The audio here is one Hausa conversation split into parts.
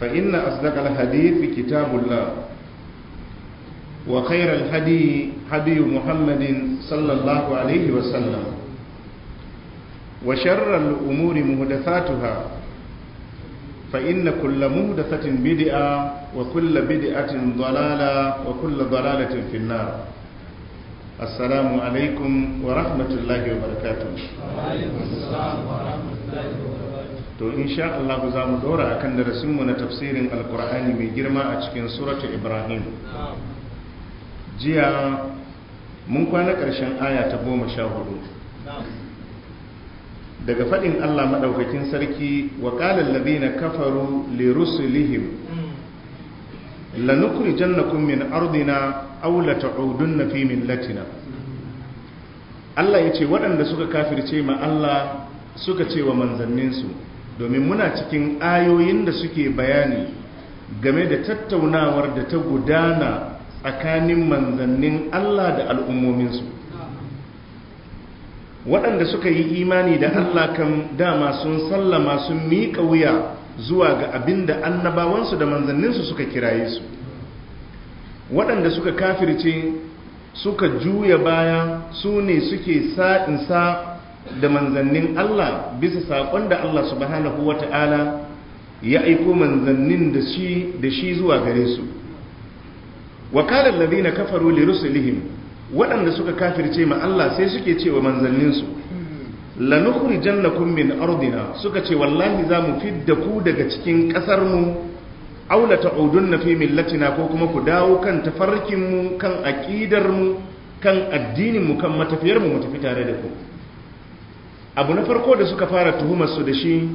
فإن أصدق الحديث كتاب الله وخير الهدي هدي محمد صلى الله عليه وسلم وشر الأمور مهدثاتها فإن كل مهدثة بدعة وكل بدعة ضلالة وكل ضلالة في النار السلام عليكم ورحمة الله وبركاته وعليكم السلام ورحمة الله وبركاته to in insha Allah za mu dora kan darasinmu na tafsirin alkur'ani mai girma a cikin suratu ibrahim jiya mun kwana ƙarshen aya ta goma sha hudu daga faɗin Allah maɗaukakin sarki wa ƙalar na kafaru lirusulihim lanukuri jannakun min ardina aula ta'udun na fimin latina. Allah ya ce waɗanda suka kafirce ma Allah suka ce wa manzanninsu domin muna cikin ayoyin da suke bayani game da tattaunawar da ta gudana tsakanin manzannin Allah da al'ummominsu waɗanda suka yi imani da Allah kan dama sun sallama sun miƙa wuya zuwa ga abin da annabawansu da manzanninsu suka kiraye su waɗanda suka kafirce suka juya baya su ne suke sa'insa da manzannin Allah bisa saƙon da Allah subhanahu wa ta'ala ya aiko manzannin da shi zuwa gare su wakalar ladina kafaru li rusulihim waɗanda suka kafirce ma Allah sai suke ce wa manzanninsu lanukhrijannakum min ardina suka ce wallahi za mu fidda ku daga cikin ƙasar mu aw la ta'udunna fi millatina ko kuma ku dawo kan tafarkin mu kan aƙidar mu kan addinin mu kan matafiyar mu mu tafi tare da ku abu na farko da suka fara tuhumarsu da shi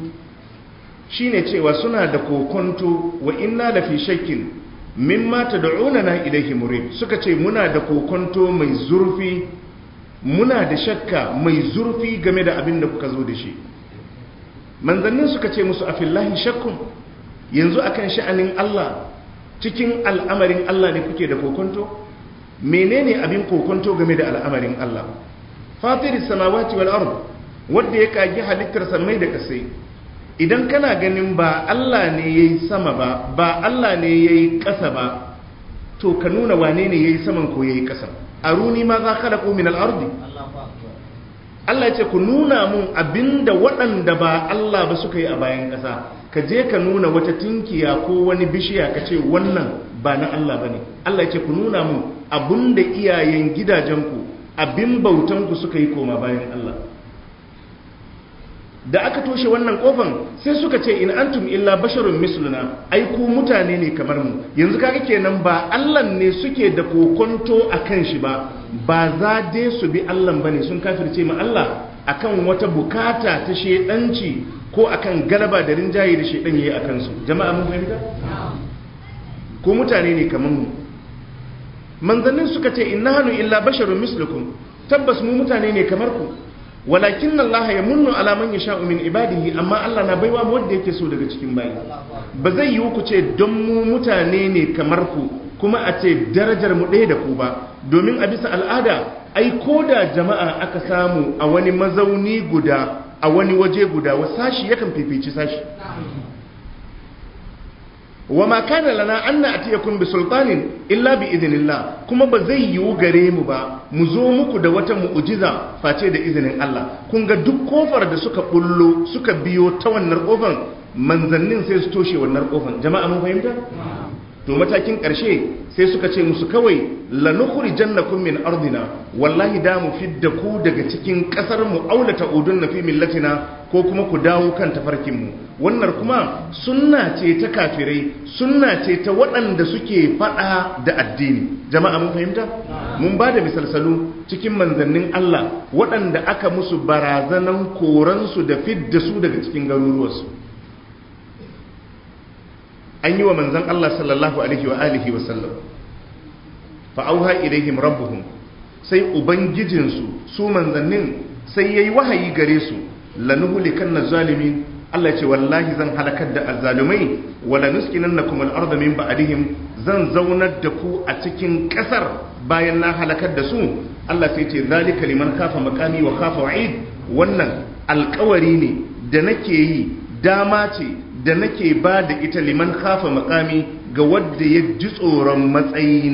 shine cewa suna da kokonto wa inna lafi shakkin mimma na ilayhi murid suka ce muna da kokonto mai zurfi muna da shakka mai zurfi game da abin da kuka zo da shi manzannin suka ce musu afillahi shakkun yanzu akan sha'anin Allah cikin al'amarin Allah ne kuke da kokonto menene abin kokonto game da al'amarin Allah fatiris samawati wal ardh Wadda ya kagi halittar samai da kasai idan kana ganin ba Allah ne ya yi sama ba ba Allah ne ya yi ƙasa ba to ka nuna wane ne ya yi saman ko ya yi ƙasa a runi ma za ka daƙo min al'ardi Allah ce ku nuna mun abinda waɗanda ba Allah ba suka yi a bayan ƙasa ka je ka nuna wata tinkiya ko wani bishiya ka ce wannan ba na Allah ba ne Allah ce ku nuna mun da iyayen gidajenku abin bautanku suka yi koma bayan Allah da aka toshe wannan kofan sai suka ce in antum illa basharun misluna ai ku mutane ne kamar mu yanzu kaga kenan ba Allah ne suke da kokonto akan shi ba ba za de su bi Allah bane sun kafirce ma Allah akan wata bukata ta shedanci ko akan galaba da rinjaye da shedan yayi akan su jama'a mun fahimta ko mutane ne kamar mu manzannin suka ce innahu illa basharun mislukum tabbas mu mutane ne kamar ku walakin Allah ya munnu alaman ya sha'u min ibadihi amma Allah na baiwa wanda yake so daga cikin bayi ba zai yi ku ce don mu mutane ne kamar ku kuma a ce darajar mu ɗaya da ku ba domin a bisa al'ada ai ko da jama'a aka samu a wani mazauni guda a wani waje guda wa sashi yakan fifici sashi wa ma kana lana an na atiyakum bi sultanin illa bi idinillah kuma ba zai yiwu gare mu ba mu zo muku da wata mu'ujiza face da izinin Allah kun ga duk kofar da suka bullo suka biyo ta wannan kofar manzannin sai su toshe wannan kofar jama'a mun fahimta to matakin ƙarshe sai suka ce musu kawai lanukuri jannakun min ardina wallahi da mu fidda ku daga cikin ƙasar mu aulata udun na fi millatina ko kuma ku dawo kan tafarkinmu wannan kuma sunna ce ta kafirai sunna ce ta waɗanda suke faɗa da addini jama'a mun fahimta mun ba da misalsalu cikin manzannin Allah waɗanda aka musu barazanan koransu da fidda su daga cikin garuruwarsu an yi wa manzon Allah sallallahu alaihi wa alihi wa sallam fa ilaihim rabbuhum sai ubangijinsu su manzannin sai yayi wahayi gare su na zalimin Allah ce wallahi zan halakar da azzalumai wala na kuma ardha min ba'dihim zan zaunar da ku a cikin kasar bayan na halakar da su Allah sai ce zali kaliman kafa makami wa kafa wa'id wannan alkawari ne da nake yi dama ce da nake ba da ita liman kafa makami ga wadda ya ji tsoron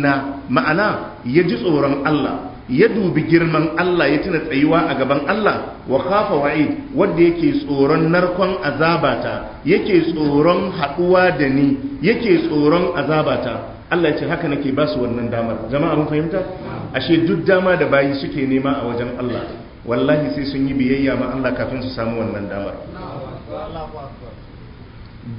na ma'ana ya ji tsoron Allah ya dubi girman Allah ya tuna tsayuwa a gaban Allah wa kafa wa'i wadda yake tsoron narkon azabata yake tsoron haɗuwa da ni yake tsoron azabata Allah ya ce haka nake ba su wannan damar jama'a mun fahimta ashe duk dama da bayi suke nema a wajen Allah wallahi sai sun yi biyayya ma Allah kafin su samu wannan damar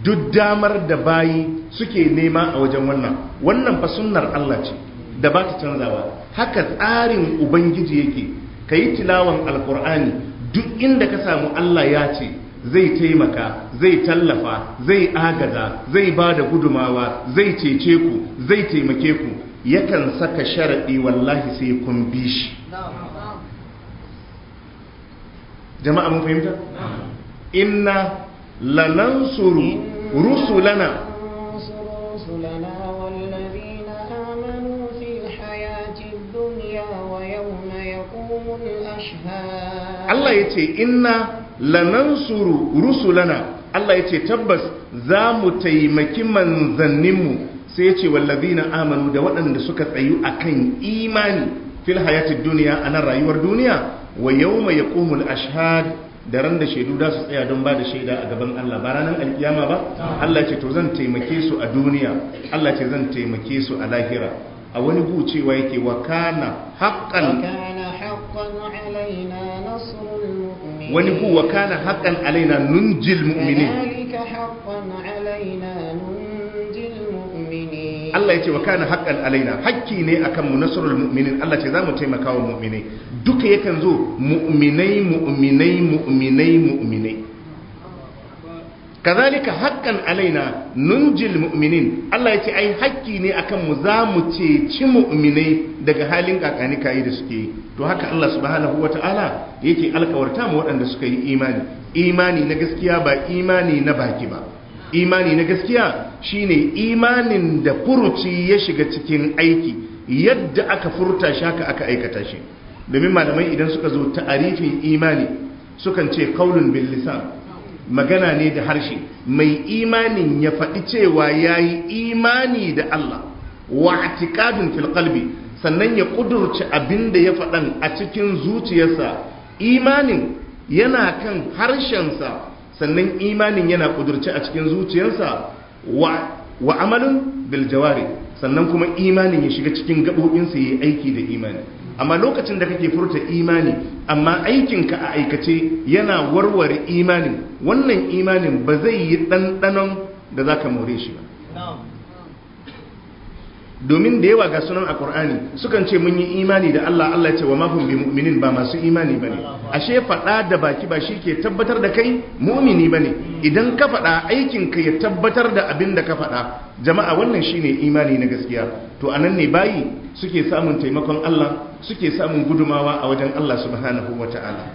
duk damar da bayi suke nema a wajen wannan wannan fa sunnar Allah ce da ba ta ba. haka tsarin ubangiji yake ka yi tilawan alkur'ani duk inda ka samu Allah ya ce zai taimaka zai tallafa zai agaza zai ba da gudumawa zai cece ku zai taimake ku yakan saka sharaɗi wallahi sai kun bi shi jama'a mun fahimta inna لننصر rusulana, Allah ya ce في الحياة الدنيا Allah ya ce tabbas za mu taimaki manzanninmu sai ya ce na amanu da waɗanda suka tsayu akan imani fil hayatid duniya a nan rayuwar duniya wa yawma yaqumul ashhad da ran da shaidu za su tsaya don ba da shaida a gaban Allah ba ranar alkiyama ba Allah ce to zan taimake su a duniya Allah ce zan taimake su a lahira a wani gu cewa yake wa kana haqqan wani gu wa kana alaina nunjil mu'minin Allah ya ce wa kana haƙƙan alaina hakki ne akan mu nasrul mu'minin Allah ce za taimaka wa mu'minai duka yakan zo mu'minai mu'minai mu'minai mu'minai kazalika haƙƙan alaina nunjil mu'minin Allah ya ce ai hakki ne akan mu za zamu ci mu'minai daga halin kakani kayi da suke yi to haka Allah subhanahu ta'ala yake alkawarta mu waɗanda suka yi imani imani na gaskiya ba imani na baki ba imani na gaskiya shine imanin da furuci ya shiga cikin aiki yadda aka furta shi haka aka aikata shi domin malamai idan suka zo ta'arifin imani sukan ce qaulun bil magana ne da harshe mai imanin ya faɗi cewa yayi imani da Allah wa i'tiqadun fil qalbi sannan ya kudurci abinda ya faɗan a cikin zuciyarsa imanin yana kan harshensa sannan imanin yana kudurci a cikin zuciyarsa wa amalin biljawari sannan kuma imanin ya shiga cikin gaɓoɓinsa ya yi aiki da imani amma lokacin da kake furta imani amma aikinka a aikace yana warware imanin wannan imanin ba zai yi ɗanɗanon da za ka more shi ba domin da yawa ga sunan a ƙor'ani sukan ce mun yi imani da Allah Allah ce wa mahum mu'minin ba masu imani bane ashe faɗa da baki ba shi ke tabbatar da kai mu'mini bane idan ka faɗa aikin ka ya tabbatar da abin da ka faɗa jama'a wannan shine imani na gaskiya to a nan ne bayi suke samun taimakon Allah suke samun gudumawa a wajen Allah subhanahu wataala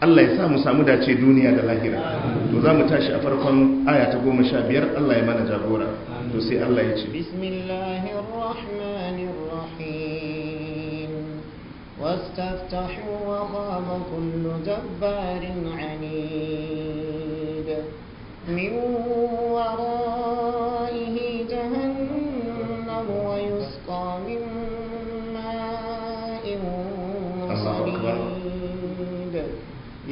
Allah ya sa mu samu dace duniya da lahira to za mu tashi a farkon aya ta goma sha biyar Allah ya mana jagora to sai Allah ya ce bismillahir rahmanir rahim wastaftahu wa khaba kullu jabbarin anid min waraihi jahannam wa yusqa min ma'in صديد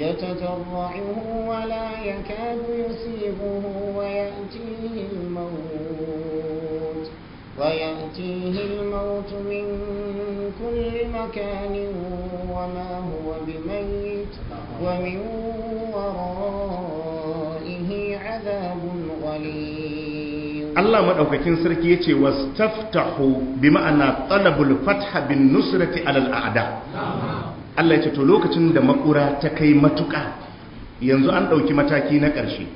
يتجرعه ولا يكاد يصيبه ويأتيه ويأتيه الموت من كل مكان وما هو بميت ومن ورائه عذاب غليظ الله مدوكاكين سركي يتي واستفتحوا بمعنى طلب الفتح بالنصرة على الأعداء Allah ya ce to lokacin da makura ta kai matuka yanzu an ɗauki mataki na ƙarshe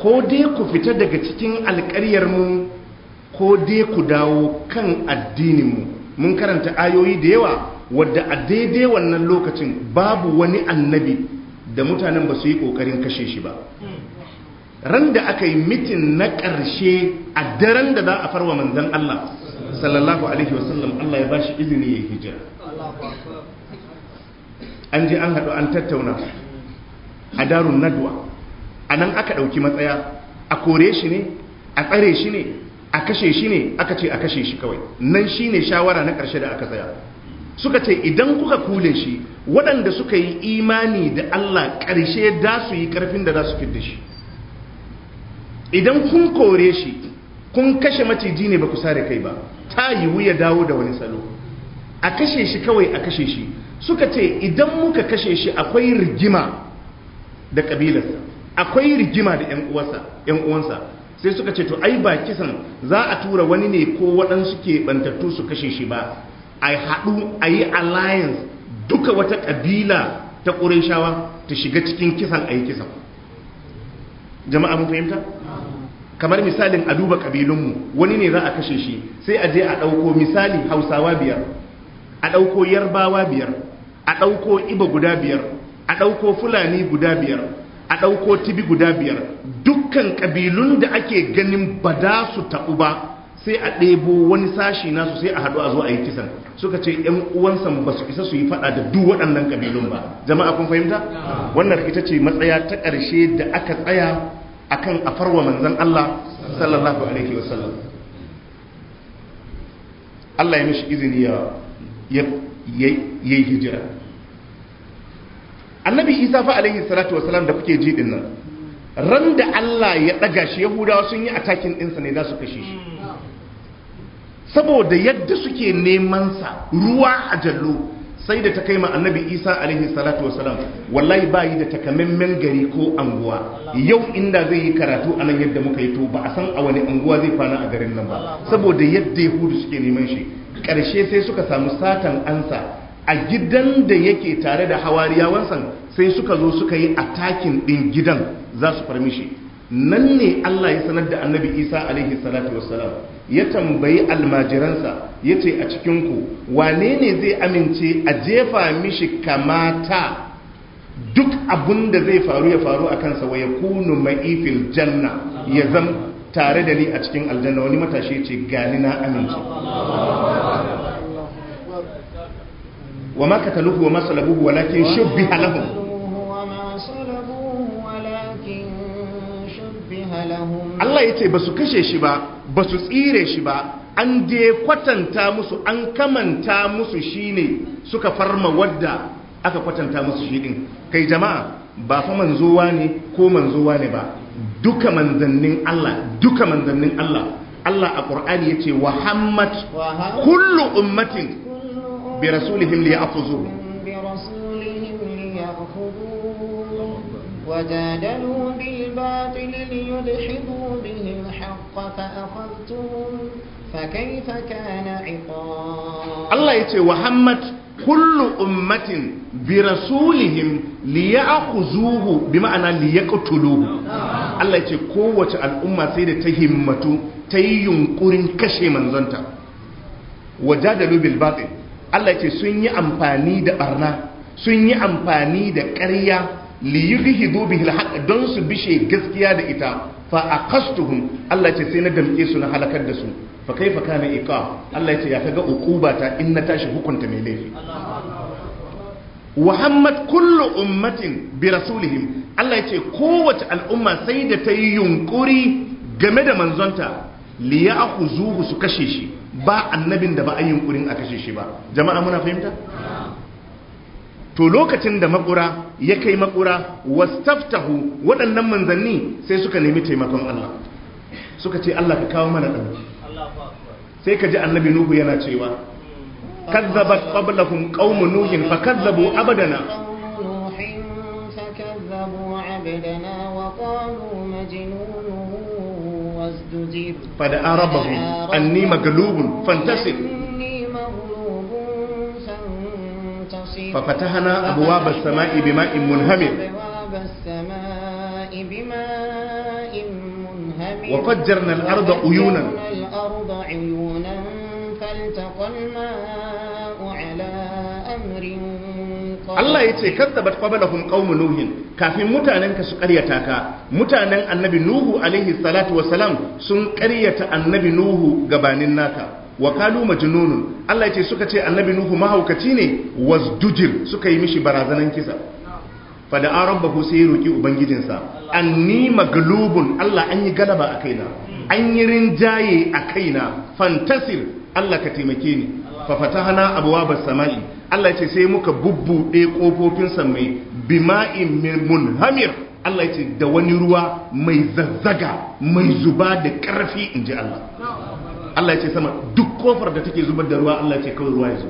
ko dai ku fita daga cikin alƙaryar mu ko dai ku dawo kan addininmu mun karanta ayoyi da yawa wadda a daidai wannan lokacin babu wani annabi da mutanen ba su yi ƙoƙarin kashe shi ba ran da aka yi mitin na ƙarshe a daren da za a farwa manzan Allah sallallahu alaihi wasallam Allah ya bashi izini ya hijira an je an haɗu an tattauna a darun nadwa a nan aka ɗauki matsaya a kore shi ne a tsare shi ne a kashe shi ne aka ce a kashe shi kawai nan shi ne shawara na ƙarshe da aka tsaya suka ce idan kuka kule shi waɗanda suka yi imani da Allah ƙarshe da su yi ƙarfin da za su fidda shi idan kun kore shi kun kashe maciji ne ba ku sare kai ba ta yiwu ya dawo da wani salo a kashe shi kawai a kashe shi suka ce idan muka kashe shi akwai rigima da ƙabilarsa akwai rigima da 'yan uwansa sai suka ce to ai ba kisan za a tura wani ne ko waɗansu ke ɓantattu su kashe shi ba a haɗu a yi alliance duka wata ƙabila ta shawa, ta shiga cikin kisan a yi kisan jama'a mun fahimta kamar misalin a duba ƙabilunmu wani ne za a kashe shi sai a je a ɗauko misali hausawa biyar a ɗauko yarbawa biyar a ɗauko iba guda biyar a ɗauko fulani guda biyar a ɗauko tibi guda biyar dukkan ƙabilun da ake ganin ba za su taɓu ba sai a ɗebo wani sashi nasu sai a haɗu a zo a yi kisan suka ce ‘yan uwansa ba su isa su yi faɗa da duk waɗannan ƙabilun ba jama'a kun fahimta wannan ita ce matsaya ta ƙarshe da aka tsaya akan a farwa manzan Allah sallallahu alaihi wasallam Allah ya mishi izini ya yi hijira annabi isa fa alaihi salatu wasalam da kuke ji din nan ran da Allah ya daga shi yahudawa sun yi takin ɗinsa ne za su kashe shi saboda yadda suke neman sa ruwa a jallo sai da ta kai ma annabi isa alaihi salatu wasalam wallahi ba yi da takamaiman gari ko anguwa yau inda zai yi karatu a nan yadda muka yi to ba a san a wani anguwa zai kwana a garin nan ba saboda yadda yahudu suke neman shi ƙarshe sai suka samu satan ansa a gidan da yake tare da wansan sai suka zo suka yi atakin ɗin gidan za su farmishi nan ne Allah ya sanar da annabi isa alaihi salatu wassalam ya tambayi almajiransa ya ce a cikinku wane ne zai amince a jefa mishi kamata duk abin da zai faru ya faru a kansa wa ya kunu ma'ifil janna ya zan tare da ni a cikin aljanna wani matashi ce gani na amince wa ma kataluhu wa ma walakin shubbiha lahum Allah ya ce ba kashe shi ba basu tsire shi ba an dai kwatanta musu an kamanta musu shine suka farma wadda aka kwatanta musu shi din kai jama'a ba fa manzowa ne ko manzowa ne ba duka manzannin Allah duka manzannin Allah Allah a Qur'ani yace wa hammat kullu ummatin برسولهم ليأخذوا برسولهم ليأخذوا وجادلوا بالباطل ليدحضوا به الحق فأخذتهم فكيف كان عقاب الله يتي وهمت كل أمة برسولهم ليأخذوه بمعنى ليقتلوه Allah ya ce kowace al'umma sai da ta himmatu ta yi yunkurin kashe manzanta wajadalu bil batil Allah ce sun yi amfani da barna sun yi amfani da ƙarya liyudhidu bihi alhaq don su bishe gaskiya da ita fa aqastuhum Allah ce sai na damke su na halakar da su fa kaifa kana iqa Allah ce ya kaga ta in na tashi hukunta mai laifi Muhammad kullu ummatin bi rasulihim Allah ya ce kowace al'umma sai da ta yi yunkuri game da manzonta liya zuhu su kashe shi ba annabin da ba a yi yunkurin a kashe shi ba jama'a muna fahimta to lokacin da makura ya kai makura wastaftahu waɗannan manzanni sai suka nemi taimakon Allah suka ce Allah ka kawo mana ɗauki sai ka ji annabi nuhu yana cewa kazzabat qablahum qaumun nuhin fakazzabu abadana قد أربهم أني مغلوب فانتصر ففتحنا أبواب السماء بماء منهمر وفجرنا الأرض عيونا فالتقى الماء على أمر Allah ya ce kazzabat qablahum qaumun nuhin kafin mutanen ka su karyata ka mutanen annabi nuhu alaihi salatu wasalam sun karyata annabi nuhu gabanin naka wa kalu majnunun Allah ya ce suka ce annabi nuhu mahaukaci ne wasdujir suka yi mishi barazanan kisa fada bahu sai ya roki ubangijinsa anni maglubun Allah an yi galaba a kaina an yi rinjaye a kaina fantasir Allah ka taimake ni fa fatahna ba samai Allah ya ce sai muka bubbude kofofin samai bima'in munhamir Allah ya ce da wani ruwa mai zazzaga mai zuba da karfi inji Allah Allah ya ce sama duk kofar da take zubar da ruwa Allah ya ce kawai ruwa ya zo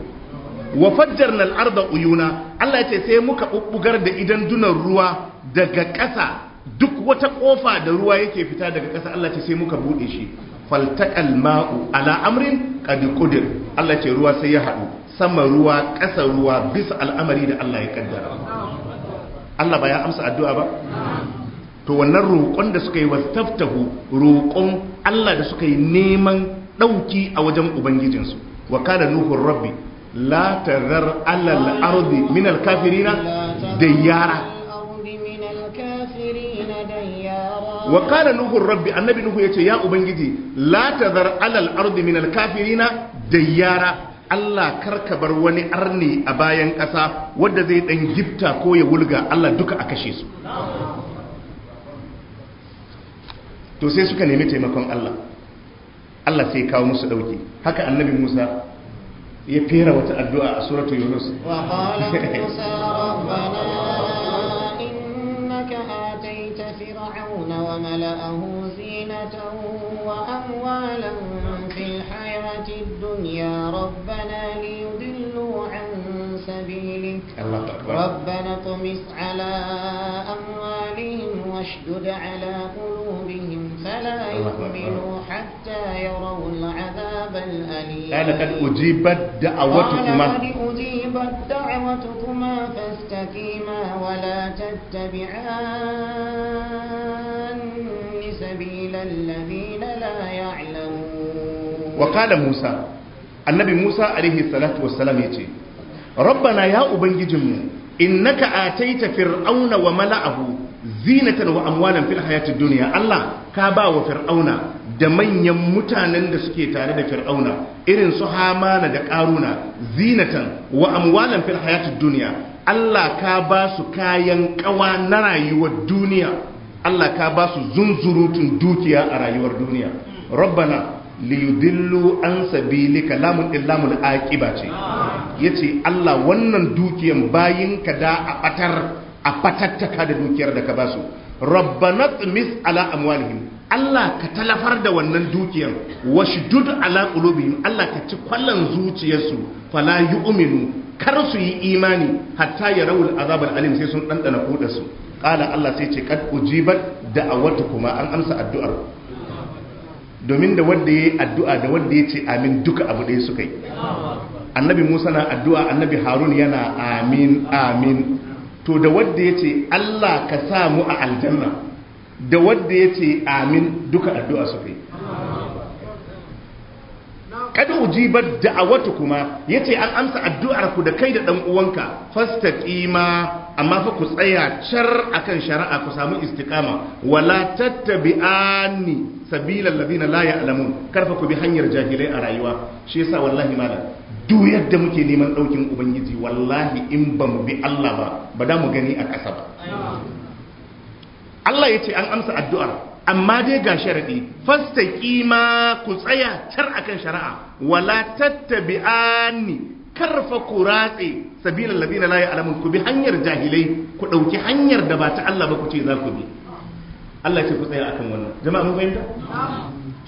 wa fajjarna al-arda uyuna Allah ya ce sai muka bubbugar da idan dunan ruwa daga ƙasa duk wata kofa da ruwa yake fita daga ƙasa Allah ce sai muka buɗe shi faltaqal ma'u ala amrin qad qudir Allah ce ruwa sai ya hadu sama ruwa ƙasa ruwa bisa al'amari da Allah ya kaddara Allah ba ya amsa addu'a ba to wannan roƙon da suka yi wastaftahu roƙon Allah da suka yi neman dauki a wajen ubangijinsu wa kana nuhur rabbi la tazar alal ardi min al kafirina dayyara wa qala nuhu rabbi annabi nuhu ya ce ya ubangiji la alal ardi min al kafirina dayyara Allah ka bar wani arni a bayan ƙasa wadda zai ɗan gifta ko ya wulga Allah duka a kashe su to sai suka nemi taimakon Allah Allah sai kawo musu ɗauki haka annabi Musa ya fera wata addu'a a suratul yunus wa qala وملأه زينة وأموالا في الحياة الدنيا ربنا ليضلوا عن سبيلك ربنا طمس على أموالهم واشدد على قلوبهم فلا يؤمنوا حتى يروا العذاب الأليم قال قد أجيبت دعوتكما قال قد أجيبت دعوتكما فاستقيما ولا تتبعان سبيل الذين لا يعلمون وقال موسى النبي موسى عليه الصلاة والسلام يتي ربنا يا أبنجي جمه إنك آتيت فرعون وملأه zinatan wa amwalan fil hayatid dunya Allah ka ba wa fir'auna da manyan mutanen da suke tare da fir'auna irin su hamana da karuna zinatan wa amwalan fil hayatid dunya Allah ka ba su kayan kawa na rayuwar duniya Allah ka ba su zunzurutun dukiya a rayuwar duniya rabbana liyudillu an sabilika lamun illamul aqiba ce yace Allah wannan dukiyan bayinka da a batar a fatattaka da dukiyar da ka ba su rabbana tmis ala amwalihim Allah ka talafar da wannan dukiyar Washi washdud ala qulubihim Allah ka ci kwallon zuciyarsu fala yu'minu kar su yi imani hatta ya rawul azabal alim sai sun dandana kudar su Allah sai ce kad ujibat da'awatu kuma an amsa addu'ar domin da ya yayi addu'a da wanda yace amin duka abu ɗaya suka yi annabi Musa na addu'a annabi Harun yana amin amin to da wadda ya ce Allah ka samu a aljanna da wadda ya ce amin duka addu'a su kai kad kuma, ya yace an amsa addu'ar ku da kai da ɗan uwanka fasta fastaqima amma fa ku tsaya car akan shari'a ku samu istikama, wala tattabi'ani sabilal ladina la ya'lamun karfa ku bi hanyar jahilai a rayuwa shi yasa wallahi malam duk yadda muke neman ɗaukin ubangiji wallahi in ba mu bi Allah ba ba da mu gani a ƙasa ba Allah yace an amsa addu'ar amma dai ga sharadi fastaqima ku tsaya tar akan shari'a wala ni karfa ku ratse sabilan ladina la ya'lamun ku bi hanyar jahilai ku ɗauki hanyar da ba ta Allah ba ku ce za ku bi Allah ce ku tsaya akan wannan jama'a mun fahimta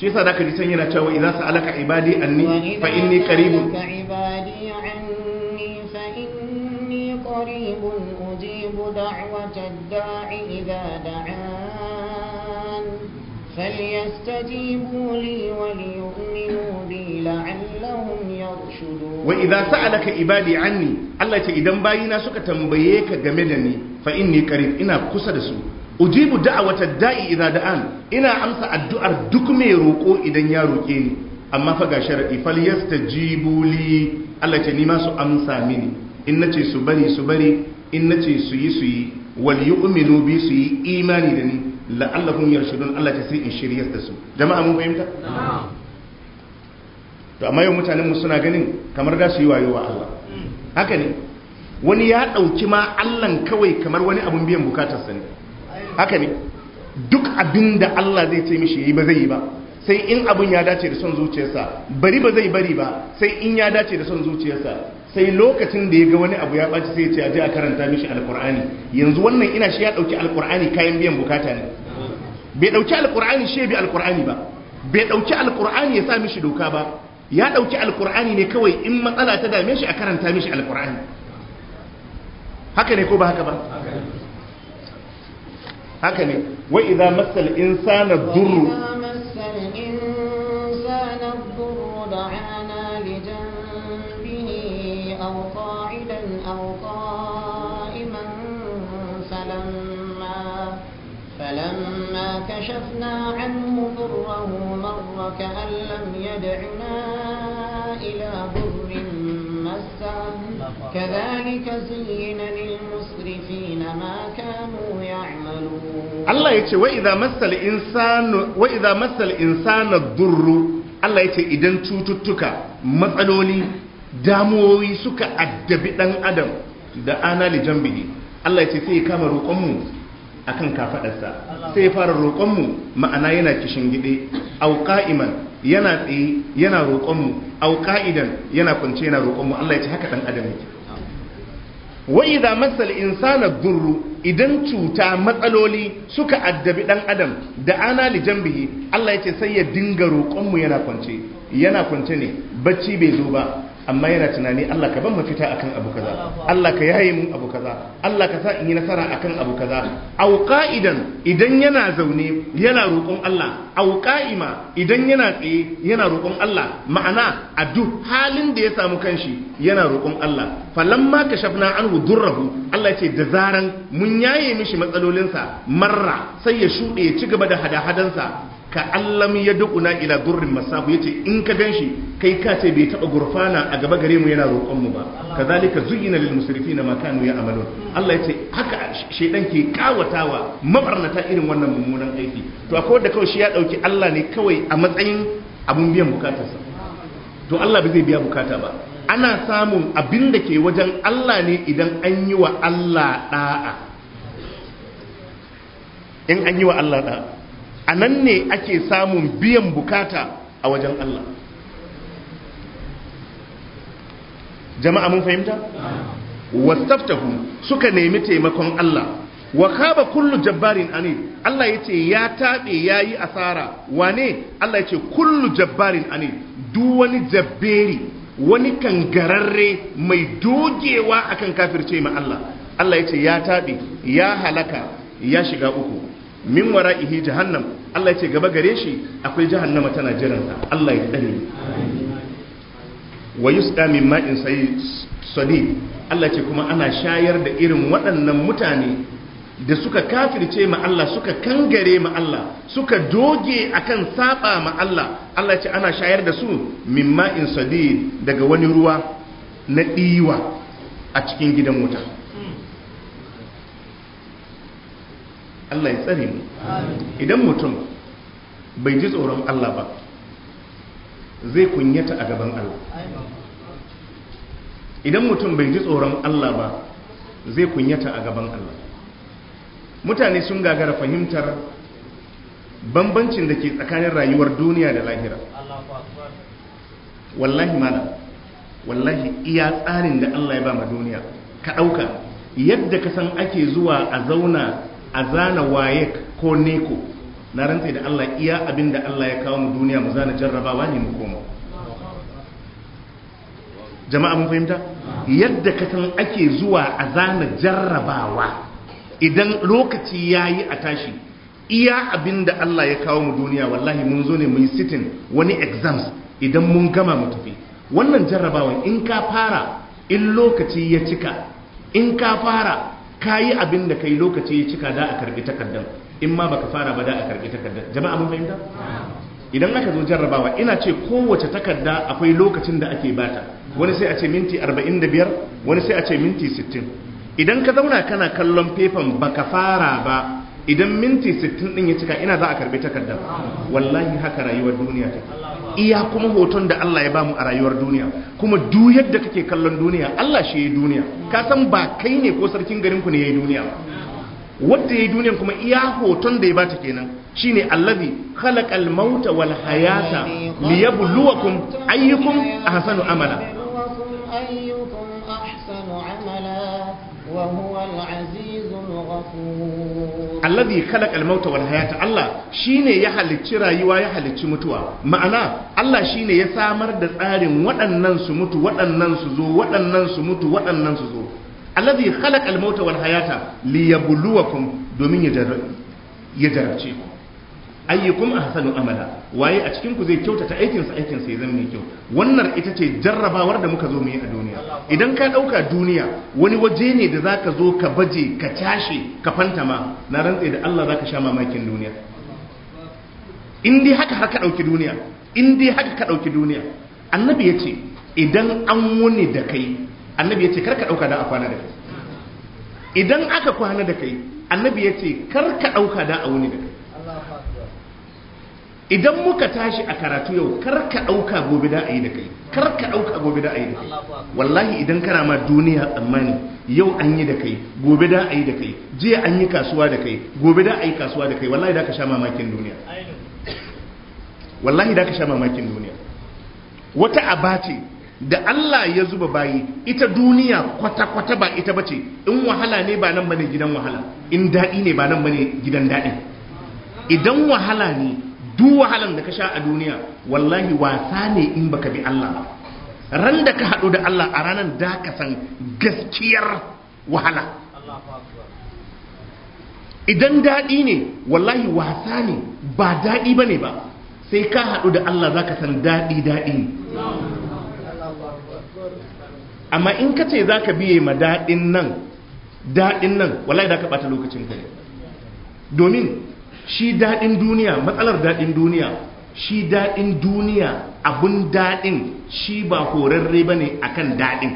shi yasa zaka ji can yana cewa idza sa'alaka ibadi anni fa inni qaribun ibadi anni fa inni qaribun ujibu da'watad da'i idza da'a فليستجيبوا لي وليؤمنوا بي لعلهم يرشدون وإذا سألك عبادي عني الله يتي إذن باينا سكة تنبيك جمدني فإني قريب إنا قصد سوء أجيب دعوة الدائي إذا دعان إنا أمسى الدعاء دكمي روكو إذن يا روكيني أما فقا شرعي فليستجيبوا لي الله يتي نما سو أمسا مني إن نتي سبري سبري إن نتي سيي سيي وليؤمنوا بي سيي إيماني دني la'allahum yarshudun Allah ta sai in shiryar da su jama'a mun fahimta to amma yau mutanen mu suna ganin kamar da su yi wayo wa Allah haka ne wani ya dauki ma Allah kawai kamar wani abun biyan bukatarsa ne haka ne duk abin da Allah zai ce mishi yayi ba zai yi ba sai in abun ya dace da son zuciyarsa bari ba zai bari ba sai in ya dace da son zuciyarsa sai lokacin da ya ga wani abu ya ɓaci sai ya ce aje a karanta mishi alkur'ani yanzu wannan ina shi ya ɗauki alkur'ani kayan biyan bukata ne bai ɗauki alkur'ani shi ya bi alkur'ani ba bai ɗauki alkur'ani ya sa mishi doka ba ya ɗauki alkur'ani ne kawai in matsala ta dame shi a karanta mishi alkur'ani haka ne ko ba haka ba haka ne wa idza masal insana durr كشفنا عنه ضره مر كأن لم يدعنا إلى ضر مسا كذلك زين للمسرفين ما كانوا يعملون الله يتي وإذا مس الإنسان وإذا مس الإنسان الضر Allah ya ce idan cututtuka matsaloli damuwoyi suka addabi ɗan adam da ana lijan bihi Allah ya ce sai ya kama roƙonmu a kan kafaɗarsa sai fara roƙonmu ma'ana yana kishin gide au qa'iman yana tsaye yana roƙonmu au qa'idan yana kwance yana roƙonmu Allah ya ce haka dan adam yake wa idza masal insana durru idan cuta matsaloli suka addabi dan adam da ana li jambihi Allah ya ce sai ya dinga roƙonmu yana kwance yana kwance ne bacci bai zo ba amma yana tunani Allah ka ban mafita akan abu kaza Allah ka yaye mun abu kaza Allah ka sa in yi nasara akan abu kaza aw qa'idan idan yana zaune yana roƙon Allah aw qa'ima idan yana tsaye yana roƙon Allah ma'ana a duk halin da ya samu kanshi yana roƙon Allah falamma kashafna anhu durrahu Allah ce da zaran mun yaye mishi matsalolinsa marra sai ya shuɗe ya ci gaba da hada-hadansa ka allam ya dukuna ila gurrin masabu yace in ka ganshi kai ka ce bai taba gurfana a gaba gare mu yana roƙon mu ba kazalika zuyyina lil musrifina ma kanu ya'malun Allah yace haka shedan ke kawatawa mabarnata irin wannan mummunan aiki to akwai da kawai shi ya dauki Allah ne kawai a matsayin abun biyan bukatarsa to Allah ba zai biya bukata ba ana samun abin da ke wajen Allah ne idan an yi wa Allah da'a in an yi wa Allah da'a a nan ne ake samun biyan bukata a wajen Allah jama'a mun fahimta wastaftahu suka nemi taimakon Allah wa khaba kullu jabbarin ani Allah yace ya tabe yayi asara wane Allah yace kullu jabbarin ani duk wani jabberi wani kangararre mai dogewa akan kafirce ma Allah Allah yace ya taɓe, ya halaka ya shiga uku min wara, ihi jahannam Allah ya ce gaba gare shi akwai jahannama tana jiran Allah ya tsare wa yusqa min ma'in sai sadi Allah ce kuma ana shayar da irin waɗannan mutane da suka kafirce ma Allah suka kangare ma Allah suka doge akan saba ma Allah Allah ce ana shayar da su min ma'in sadi daga wani ruwa na diwa a cikin gidan wuta Allah ya tsare mu idan mutum bai ji tsoron Allah ba zai kunyata a gaban Allah idan mutum bai ji tsoron Allah ba zai kunyata a gaban Allah mutane sun gagara fahimtar bambancin da ke tsakanin rayuwar duniya da lahira wallahi mana wallahi iya tsarin da Allah ya ba ma duniya ka ɗauka yadda ka san ake zuwa a zauna a zana waye ko neko na rantse da Allah iya abin da Allah ya kawo mu duniya mu zana jarrabawa ne mu koma jama'a mun fahimta yadda san ake zuwa a zana jarrabawa idan lokaci yayi a tashi iya abin da Allah ya kawo mu duniya wallahi mun zo ne mu yi sitin wani exams idan mun gama mu tafi wannan jarrabawan in ka fara in lokaci ya cika in ka fara ka yi abin da ka yi lokaci ya cika da a karbi takardar in ma baka fara ba da a karbi takardar jama'a mun fahimta idan aka zo jarrabawa ina ce kowace takarda akwai lokacin da ake bata wani sai a ce minti 45 wani sai a ce minti 60 idan ka zauna kana kallon fefan baka fara ba idan minti 60 din ya cika ina za a karbi takardar wallahi haka rayuwar duniya take iya kuma hoton da Allah ya bamu a rayuwar duniya kuma duk yadda kake kallon duniya Allah shi yayi duniya ka san ba kai ne ko sarkin garin ku ne yayi duniya wanda yayi duniya kuma iya hoton da ya bata kenan shine allazi khalaqal mauta wal hayata liyabluwakum ayyukum ahsanu amala ayyukum ahsanu amala wa huwa al azizul ghafur alladhi kala mauta wal hayata Allah shine ya halicci rayuwa ya halicci mutuwa ma'ana Allah shine ya samar da tsarin waɗannan su mutu waɗannan su zo waɗannan su mutu waɗannan su zo alladhi khalaqal mauta wal hayata liyabluwakum domin ya jarrabe ku ayyukum ahsanu amala waye a cikin ku zai kyautata aikin sa aikin sa ya zama mai kyau wannan ita ce jarrabawar da muka zo mu yi a duniya idan ka dauka duniya wani waje ne da zaka zo ka baje ka tashi ka fantama na rantsa da Allah zaka sha mamakin duniya in dai haka haka dauki duniya in dai haka ka dauki duniya annabi yace idan an wuni da kai annabi yace ka dauka da a kwana da kai idan aka kwana da kai annabi yace ka dauka da a wuni da kai idan muka tashi a karatu yau kar ka ɗauka gobe da a yi da kai kar ka ɗauka gobe da a yi da kai wallahi idan kana ma duniya tsammani yau an yi da kai gobe da a yi da kai jiya an yi kasuwa da kai gobe da a yi kasuwa da kai wallahi da ka sha mamakin duniya wallahi da ka sha mamakin duniya wata abati da Allah ya zuba bayi ita duniya kwata-kwata ba ita bace in wahala ne ba nan bane gidan wahala in daɗi ne ba nan bane gidan daɗi idan wahala ne duk wahalan da ka sha a duniya wallahi wasa ne in baka bi Allah ba ran da ka haɗu da Allah a ranar da ka san gaskiyar wahala idan daɗi ne wallahi wasa ne ba daɗi ba ne ba sai ka haɗu da Allah za ka san daɗi daɗi ne amma in ka ce za ka biye ma daɗin nan daɗin nan wallahi da ka ɓata lokacin ka ne domin shi daɗin duniya matsalar daɗin duniya shi daɗin duniya abun daɗin shi ba horarre ba ne a kan daɗin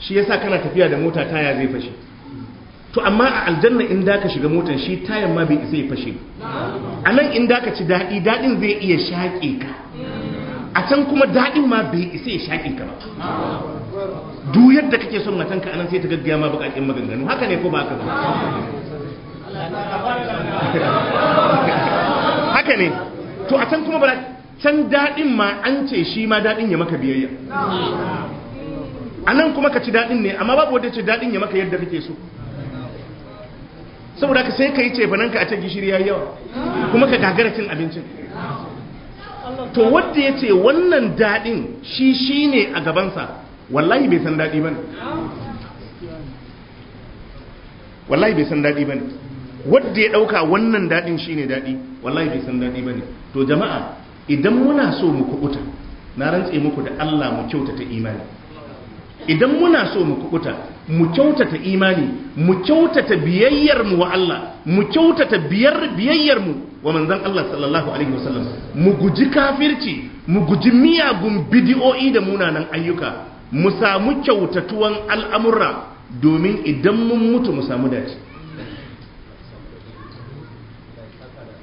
shi yasa kana tafiya da mota taya zai fashe to amma a aljanna in da ka shiga motan shi tayan ma bai isa ya fashe a nan in da ka ci daɗi daɗin zai iya shaƙe ka a can kuma daɗin ma bai isa ya shaƙe ka ba duk yadda kake son matanka a nan sai ta gaggaya ma baƙaƙen maganganu haka ne ko ba ka ba haka ne to a can kuma ba can daɗin ma an ce shi ma daɗin ya maka biyayya a nan kuma ka ci daɗin ne amma babu wadda ce daɗin ya maka yadda kake so saboda ka sai ka yi ce ka a ta gishiri ya yawa kuma ka gagara cin abincin to wadda ya ce wannan daɗin shi shi ne a gabansa wallahi bai san daɗi ba ne wallahi bai san daɗi ba ne wadda ya ɗauka wannan daɗin shi ne daɗi wallahi bai san daɗi ba ne to jama'a idan muna so mu kukuta na rantse muku da allah mu kyautata imani idan muna so mu kukuta mu kyautata imani mu kyautata biyayyarmu wa allah mu kyautata biyar biyayyarmu wa manzon allah sallallahu alaihi wasallam mu guji kafirci mu guji miyagun bidiyo'i da munanan ayyuka mu samu kyautatuwan al'amura domin idan mun mutu mu samu dace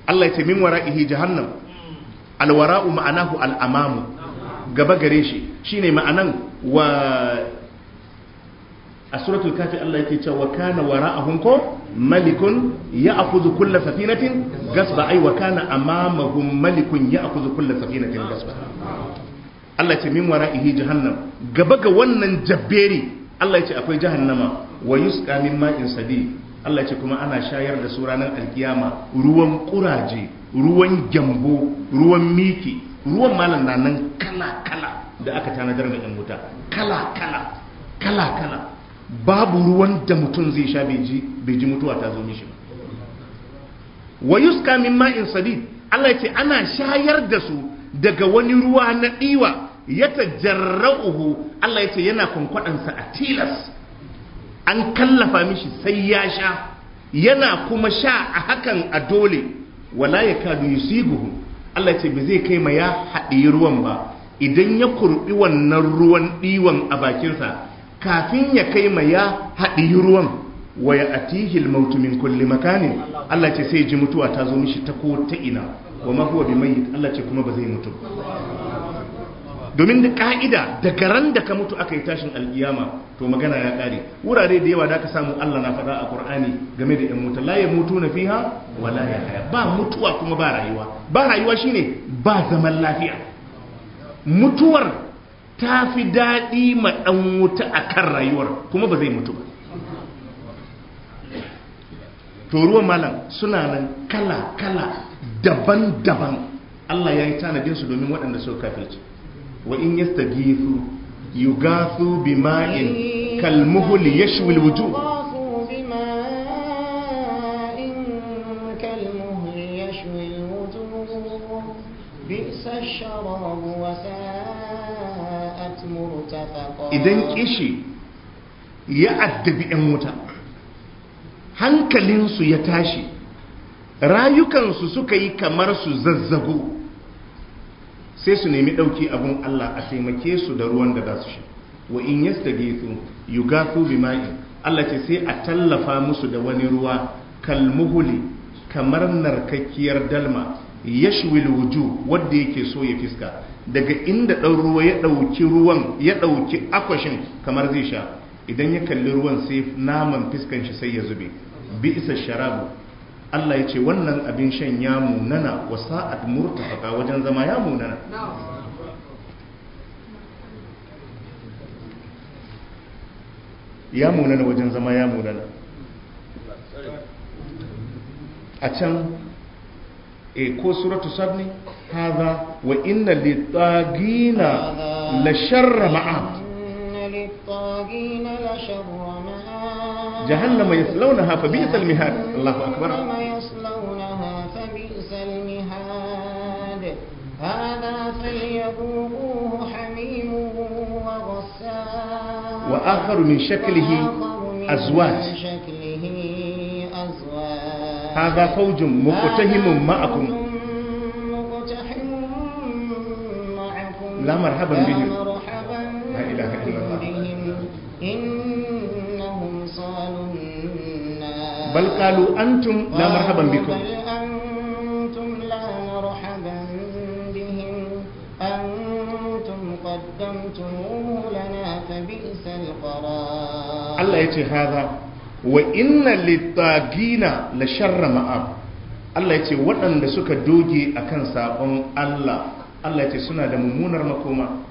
Allah ya ce min wara wara'ihi jahannam alwara'u ma'anahu al'amamu gaba gare shi shine ma'anan wa a suratul kafi Allah yake cewa kana wara'ahum ko malikun ya'khudhu kulla safinatin gasba ai wa kana amamahum malikun ya'khudhu kulla safinatin gasba Allah ya ce min wara'ihi jahannam gaba ga wannan jabberi Allah ya ce akwai jahannama wa yusqa min ma'in sadi Allah ce kuma ana shayar da su ranar alkiyama ruwan kuraje ruwan gyambo ruwan miki ruwan malam na nan kala kala da aka tanadar mai yan kala kala kala kala babu ruwan da mutum zai sha bai ji mutuwa ta zo mishi ba wa yuska min ma'in sadid Allah ce ana shayar da su daga wani ruwa na ɗiwa ya tajarra'uhu Allah ya ce yana kwankwaɗonsa a tilas an kallafa mishi sai ya sha yana kuma sha a hakan a dole wala ya kadu yusibuhu Allah ce ba zai kai ma ya haɗe ruwan ba idan ya kurɓi wannan ruwan ɗiwon a bakinsa kafin ya kai ma ya haɗi ruwan waya ya atihil mautu min kulli makanin Allah ce sai ji mutuwa ta zo mishi ta ko ta ina wa mahuwa bi mayyit Allah ce kuma ba zai mutu domin da ka'ida da garan da ka mutu aka yi tashin alkiyama to magana ya kare wurare da yawa da aka samu Allah na faɗa a Qur'ani game da yan mutu la yamutu na fiha wala yahya ba mutuwa kuma ba rayuwa ba rayuwa shine ba zaman lafiya mutuwar ta fi daɗi ma ɗan wuta akan rayuwar kuma ba zai mutu ba to ruwan malam suna nan kala kala daban-daban Allah ya yi tanadinsu domin waɗanda suka kafirci wa in yastagithu yugathu bima'in kalmuhl yashwi idan kishi ya addabi 'yan wuta hankalinsu ya tashi rayukansu suka yi kamar su zazzago sai su nemi ɗauki abun Allah a taimake su da ruwan da za su sha wa in yastaghithu yugathu bima'in Allah ce sai a tallafa musu da wani ruwa kalmuhuli kamar narkakkiyar dalma yashwil wuju wanda yake so ya fiska daga inda ɗan ruwa ya ɗauki ruwan ya ɗauki akwashin kamar zai sha idan ya kalli ruwan sai naman fiskan shi sai ya zube bi isa sharabu Allah ya ce wannan abin shan ya munana wa sa'ad murtafaka wajen zama ya munana ya munana wajen zama ya munana a can e ko suratu sabni haza wa inna littagina la sharra ma'a inna littagina la sharra ma'a جهنم يصلونها فبئس المهاد الله أكبر يصلونها فبئس المهاد هذا فليذوقوه حميم وغساق وآخر من شكله أزواج هذا فوج مقتحم معكم لا مرحبا بهم لا إله إلا الله bal qalu antum la marhaban bikum antum la marhaban bihim fa Allah wa inna lit la sharra ma'ab Allah ce waɗanda suka doge akan sabon Allah Allah ce suna da mummunar makoma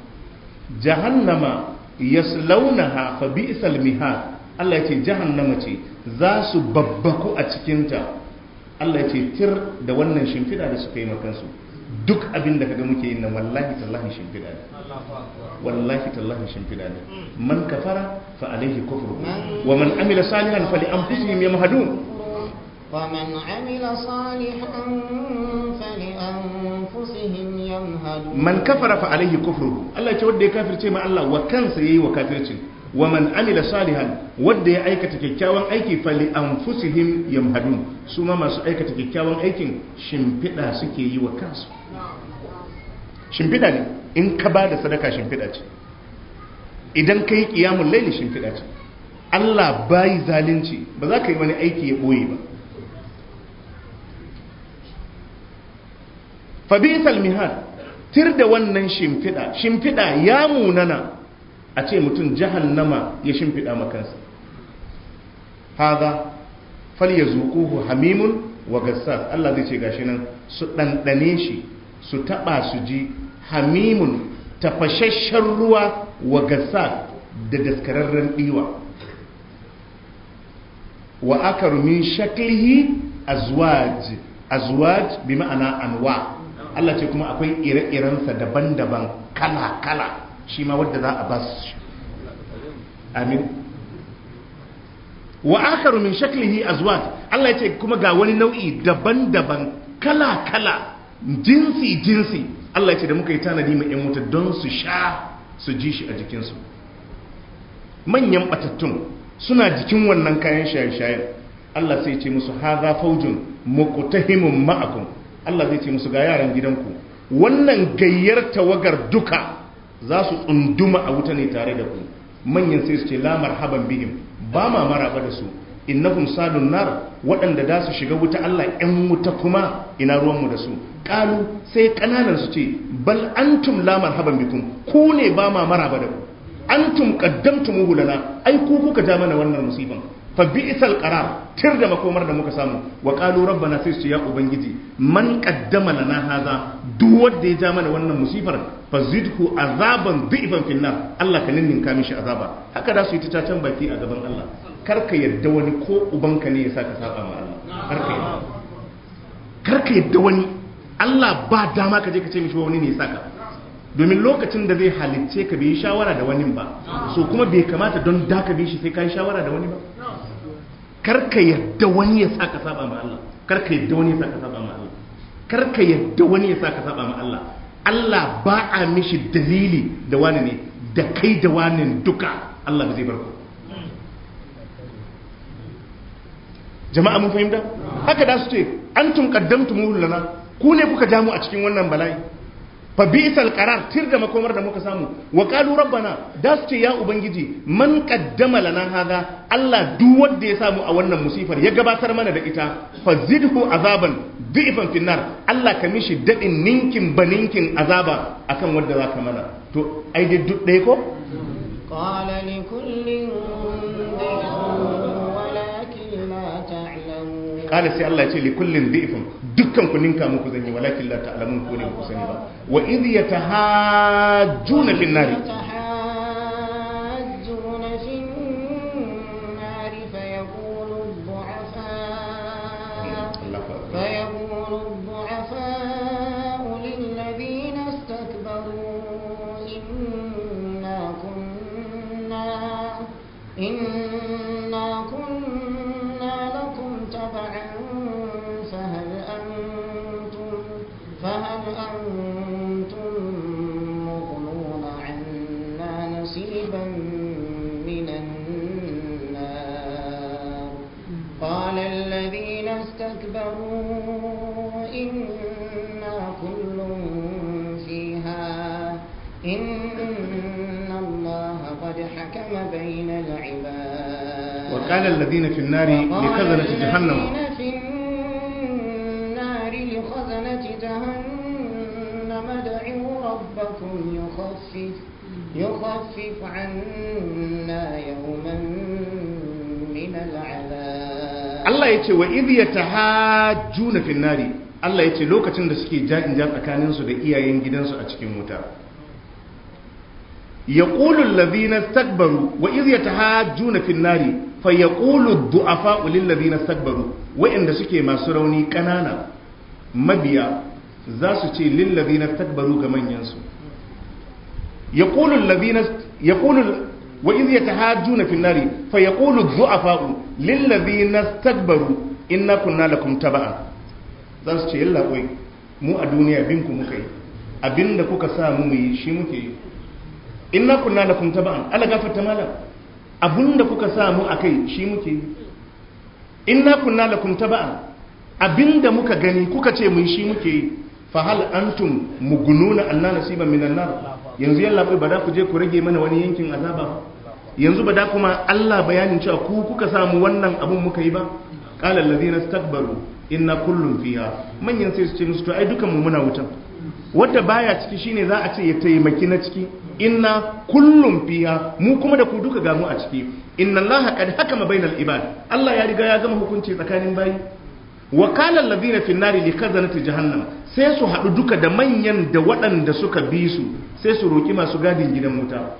jahannama yaslaunaha fa bi'sal mihad Allah ya ce jahannama ce za su babbaku a cikinta Allah ya ce tir da wannan shimfiɗa da suka yi makansu duk abin da kaga muke yin nan wallahi tallahi shimfiɗa ne wallahi tallahi shimfiɗa ne man kafara fa alaihi kufru wa man amila salihan fa li anfusihim yamhadun ومن عمل صالحا فلأنفسهم يمهدون من كفر فعليه كفره الله يتودي كافر تيما الله وكان سيئي wa kafircin. wa man amila salihan wanda ya aikata kyakkyawan aiki fali anfusihim yamhadun su ma masu aikata kyakkyawan aikin shimfiɗa suke yi wa kansu shimfiɗa ne in ka ba da sadaka shimfiɗa ce idan ka yi ƙiyamun laili shimfiɗa ce allah bayi zalinci ba za ka yi wani aiki ya ɓoye ba fabi mihad tir da wannan shimfiɗa shimfiɗa ya munana a ce mutum jahannama ya shimfiɗa makansa haza falyazuquhu hamimun wa gassas Allah zai ce gashi nan su ɗanɗane shi su taɓa su ji hamimun tafasasshen ruwa wa gassas da daskararren ɗiwa wa aka rumin shaklihi azwaj azwaj bi ma'ana anwa Allah ce kuma akwai ire-irensa daban-daban kala-kala shi ma wadda za a ba su amin wa akharu min shaklihi azwaj Allah yace kuma ga wani nau'i daban-daban kala-kala jinsi jinsi Allah yace da muka yi tanadi mai yan wuta don su sha su ji shi a jikinsu manyan batattun suna jikin wannan kayan shaye-shayen Allah sai ce musu haza faujun muqtahimun ma'akum Allah zai ce musu ga yaran gidanku wannan gayyar tawagar duka za su tsunduma a wuta ne tare da ku manyan sai su ce lamar haban bihim ba ma maraba da su innahum sadun nar waɗanda da su shiga wuta Allah ƴan wuta kuma ina ruwanmu da su ƙalu sai ƙananan su ce bal antum lamar haban bikum ku ne ba ma maraba da ku antum qaddamtumuhu lana ai ku kuka ja mana wannan musibin fa bi'sal qarar tir da makomar da muka samu wa qalu rabbana sai su ya ubangiji man qaddama lana haza duk wanda ya ja mana wannan musifar fa zidhu azaban dhi'fan fil nar Allah ka mishi azaba haka da su yi ta can baki a gaban Allah kar ka yadda wani ko ubanka ne ya saka saba ma Allah kar ka kar wani Allah ba dama ka je ka ce mishi wani ne ya saka domin lokacin da zai halicce ka bai yi shawara da wani ba so kuma bai kamata don da ka bi shi sai ka yi shawara da wani ba karka yadda wani ya sa ka saba ma Allah karka yadda wani ya sa ka saba ma Allah karka yadda wani ya sa ka saba ma Allah Allah ba a mishi dalili da wani ne da kai da wani duka Allah ba zai bar ku jama'a mun fahimta haka da su ce antum qaddamtumuhu lana ku ne kuka jamu a cikin wannan bala'i fa bi'sal qarar tir da makomar da muka samu wa qalu rabbana da ya ubangiji man qaddama lana hada Allah duk wanda ya samu a wannan musifar ya gabatar mana da ita fa zidhu azaban bi'fan finnar Allah ka mishi dadin ninkin baninkin azaba akan wanda zaka mana to ai duk dai ko qala likullin kala sai Allah ya ce li kullin dhi'fun dukkan ku ninka muku zanyi walakin la ta'lamun ku ne ku sani ba wa idh yatahajjuna fin nari وقال الذين في النار لخزنة جهنم يخفف عنا يوما من العذاب الله يتي وإذ يتحاجون في النار Allah ya ce lokacin da suke ja'in ja tsakaninsu da iyayen gidansu a cikin wuta ya ƙulun lazina stakbaru wa ya fa yaqulu du'afa lil ladina stakbaru wa'inda suke masu rauni ƙanana, mabiya za su ce lil ladina stakbaru ga manyan su yaqulu alladina yaqulu wa idh yatahajjuna fi an-nari fa yaqulu du'afa lil ladina stakbaru inna kunna lakum taba'a? za su ce yalla koi mu a duniya binku muka yi abinda kuka sa mu yi shi muke yi inna kunna lakum taba'a ala gafarta malam abinda kuka samu a kai shi muke yi na kunna lakum abin abinda muka gani kuka ce mun shi muke yi fa hal antum mugununa anna nasiban minan nar yanzu yalla ba bada ku je ku rage mana wani yankin azaba yanzu bada kuma Allah bayanin cewa ku kuka samu wannan abun muka yi ba qala allazina istakbaru inna kullun fiha manyan sai su ce musu to ai dukan mu muna wutan wadda baya ciki shine za a ce ya taimaki na ciki inna kullum fiya mu kuma da ku duka ga mu a ciki inna Allah qad hakama bainal ibad Allah ya riga ya gama hukunci tsakanin bayi wa qala alladhina fi an-nari li khazanati jahannam sai su hadu duka da manyan da waɗanda suka bi su sai su roki masu gadin gidan wuta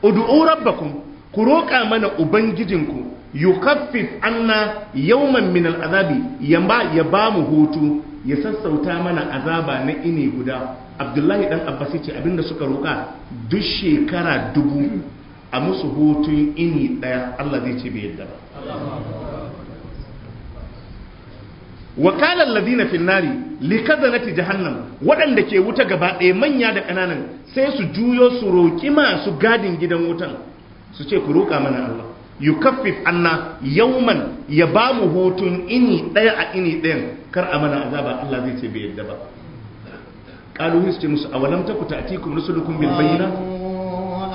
ud'u rabbakum ku roƙa mana ubangijinku yukaffif anna yawman min al'azabi yamba ya ba mu hutu ya sassauta mana azaba na ini guda abdullahi dan abbas ce abinda suka roƙa duk shekara dubu a musu hutun ini daya Allah zai ce bai yadda ba wakalar ladina li likazanati jahannam waɗanda ke wuta gaba ɗaya manya da ƙananan sai su juyo su roƙi masu gadin gidan wutan su ce ku roƙa mana Allah yukaffif anna yawman ya ba mu hutun ini daya a ini ɗayan kar a mana azaba Allah zai ce bai yadda ba qalu su ce musu awalam taku ta'tikum rusulukum bil bayyinat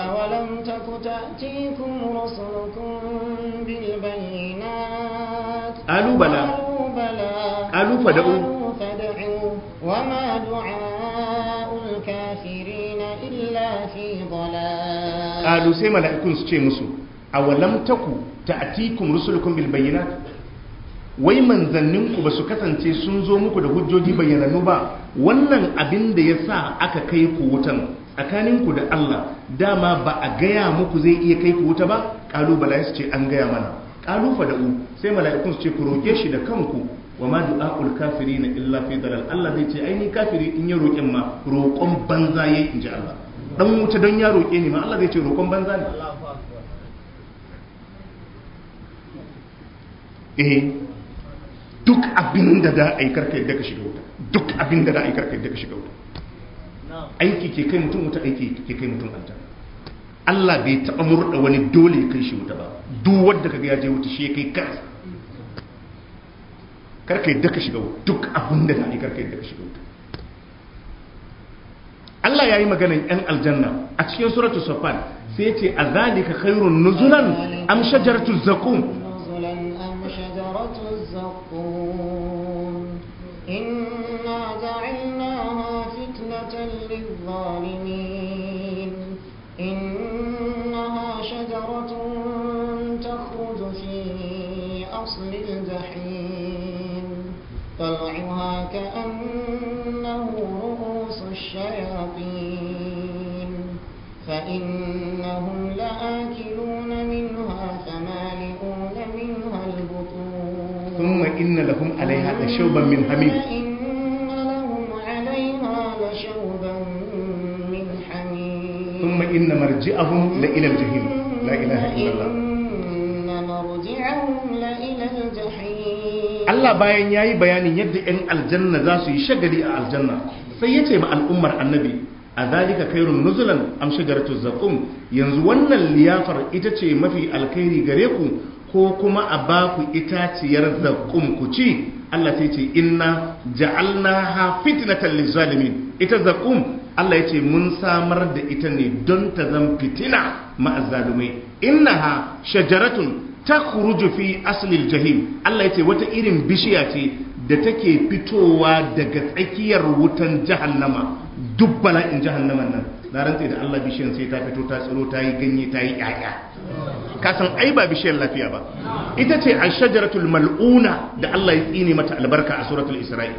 awalam taku ta'tikum rusulukum bil bayyinat qalu bala qalu fad'u wa ma qalu sai mala'ikun su ce musu awalam taku ta'tikum rusulukum bil bayyinat wai manzannin ku ba su kasance sun zo muku da hujjoji bayyananu ba wannan abin da yasa aka kai ku wutan tsakanin ku da Allah dama ba a gaya muku zai iya kai ku wuta ba qalu bala su ce an gaya mana qalu fada'u sai mala'ikun su ce ku roke shi da kanku wa ma du'a'ul kafirin illa fi dalal Allah zai ce ai ni kafiri in ya roƙin ma roƙon banza yayi inji Allah dan wuce don ya roƙe ni ma Allah zai ce roƙon banza ne eh duk abin da da yi karka yadda ka shiga wuta duk abin da da yi karka yadda ka shiga wuta aiki ke kai mutum wuta aiki ke kai mutum anta Allah bai taɓa murɗa wani dole kai shi wuta ba duk wanda kaga ya je wuta shi ya kai kansa karka yadda ka shiga wuta duk abin da da yi karka yadda ka shiga wuta Allah ya yi maganan 'yan aljanna a cikin suratu safan sai ce a zalika khairun nuzulan am shajaratu zakum inna lahum alaiha da shauban min hamim Allah bayan ya yi bayanin yadda 'yan aljanna za su yi shagali a aljanna sai ya ce ma al'ummar annabi a zalika kairun nuzulan am shagaratu zakum yanzu wannan liyafar ita ce mafi alkhairi gare ku ko kuma a ba ku itaciyar zaƙun ku ci Allah sai ce inna ja'alna ha fitnatan lizalimin ita zakum Allah ya ce mun samar da ita ne don ta zan fitina ma'azzalumai ha shajaratun ta takhruju fi aslil jahim Allah ya ce wata irin bishiya ce da take fitowa daga tsakiyar wutan jahannama duk bala'in jahannaman nan na rantse da Allah bishiyar sai ta fito ta tsiro ta yi ganye ta yi ƴaƴa ka san ai ba bishiyar lafiya ba ita ce ashajaratul mal'una da Allah ya tsine mata albarka a suratul isra'i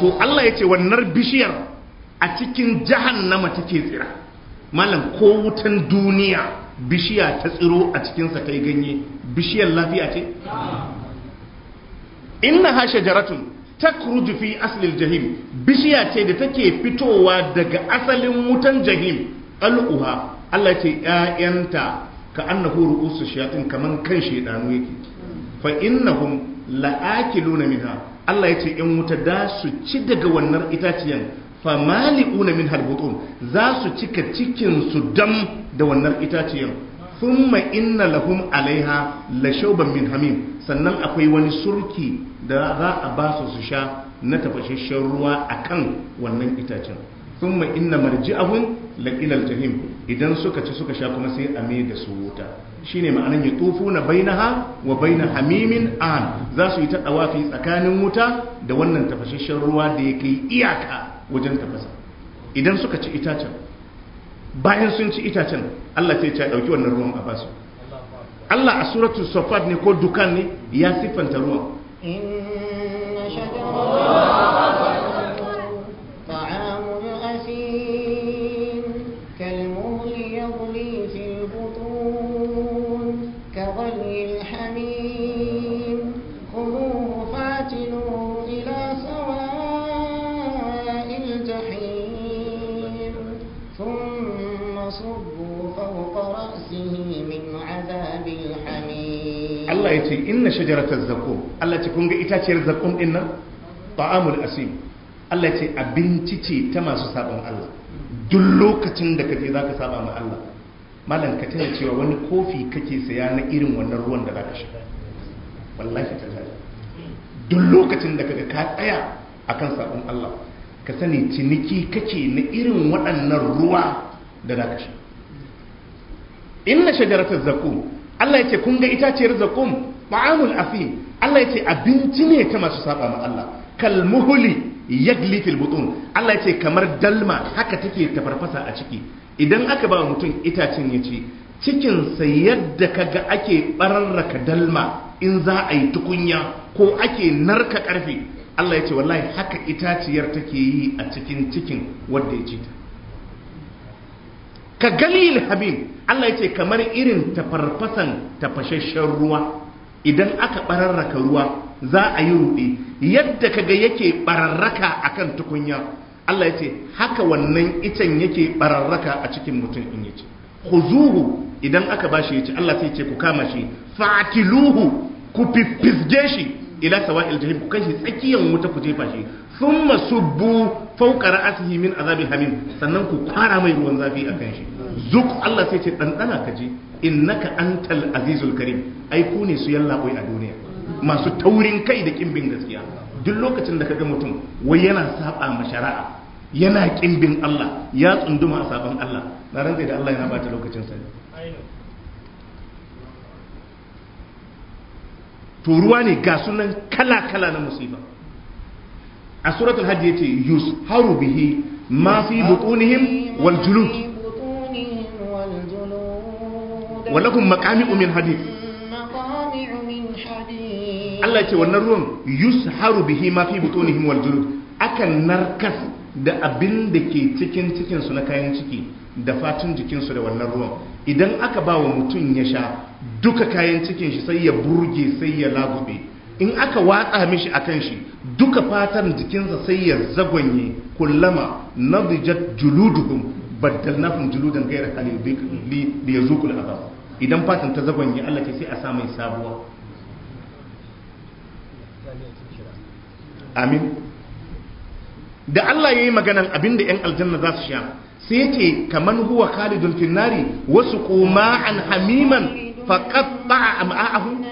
to Allah ya ce wannan bishiyar a cikin jahannama take tsira malam ko wutan duniya bishiya ta tsiro a cikinsa ta yi ganye bishiyar lafiya ce inna ha shajaratun ta fi asalin jahim bishiya ce da take fitowa daga asalin wutan jahim al'uha Allah ce ‘ya'yanta ka annahu ru'usu shayatin kaman kan shaidanu yake fa innahum la'akiluna minha Allah ya ce ‘yan wuta da su ci daga wannan itaciyan famali'una min halbutun za su cika cikinsu dam da wannan itaciyar thumma inna lahum alaiha Shauban min hamim sannan akwai wani surki da za a ba su su sha na tafashashen ruwa akan wannan itacen mai inna marji'ahum la ila aljahim idan suka ci suka sha kuma sai a mai da su wuta shine ma'anan ya tufu na bainaha wa baina hamimin an za su yi ta tsakanin wuta da wannan tafashashen ruwa da ya kai iyaka wajen tafasa idan suka ci itacen bayan sun ci itacen Allah sai ya dauki wannan ruwan a basu Allah a suratul safat ne ko dukan ne ya siffanta ruwan ce inna shajaratar zakum Allah ce kun ga itaciyar zakum din nan ta'amul asim Allah ce abinci ce ta masu sabon Allah duk lokacin da kaje zaka saba ma Allah mallan ka tana cewa wani kofi kake saya na irin wannan ruwan da zaka shiga wallahi tallahi duk lokacin da kaga ka tsaya akan sabon Allah ka sani ciniki kake na irin waɗannan ruwa da zaka shiga inna shajaratar zakum Allah ya ce kun ga itaciyar zakum ta'amul asim Allah ya abinci ne ta masu saba ma Allah kal muhli yagli fil butun Allah ya kamar dalma haka take tafarfasa a ciki idan aka ba mutum itacen ya ci cikin sa yadda kaga ake bararraka dalma in za a yi tukunya ko ake narka karfe Allah yace ce wallahi haka itaciyar take yi a cikin cikin wanda ya ci ta ka galil habib Allah yace kamar irin tafarfasan tafasasshen ruwa idan aka bararraka ruwa za a yi ruɗe yadda kaga yake bararraka kan tukunya Allah ya ce haka wannan icen yake bararraka a cikin mutum in yace khuzuhu idan aka bashi yace Allah sai ce ku kama shi fa'tiluhu ku fiffizge shi ila sawa'il jahim ku kashi tsakiyan wuta ku jefa shi thumma subbu fawqa ra'sihi min azabil hamim sannan ku kwara mai ruwan zafi akan shi zuk Allah sai ce dandana ka ji innaka antal azizul karim ai ku ne su yalla a duniya masu taurin kai da kimbin gaskiya duk lokacin da kaga mutum wai yana saba ma shari'a yana kimbin Allah ya tsunduma a saban Allah na ran da Allah yana bata lokacin sa to ruwa ne ga sunan kala kala na musiba a suratul ce yus haru bihi ma fi butunihim wal julud walakun maqami'u umin hadid Allah ce wannan ruwan yus haru bihi ma fi butunihim wal julud akan narkas da abin da ke cikin cikinsu na kayan ciki da fatun jikinsu da wannan ruwan idan aka ba wa mutum ya sha duka kayan cikin shi sai ya burge sai ya lagube in aka watsa mishi akan shi duka fatan jikinsa sai ya zagonye kullama nadijat juluduhum baddalnahum juludan da ya zuku da azab idan fatan ta zagonye Allah ke sai a sa mai sabuwa amin da Allah ya yi maganan abinda yan aljanna za su sha sai ce kaman huwa khalidun fin wasu kuma an hamiman faqatta am'a'ahum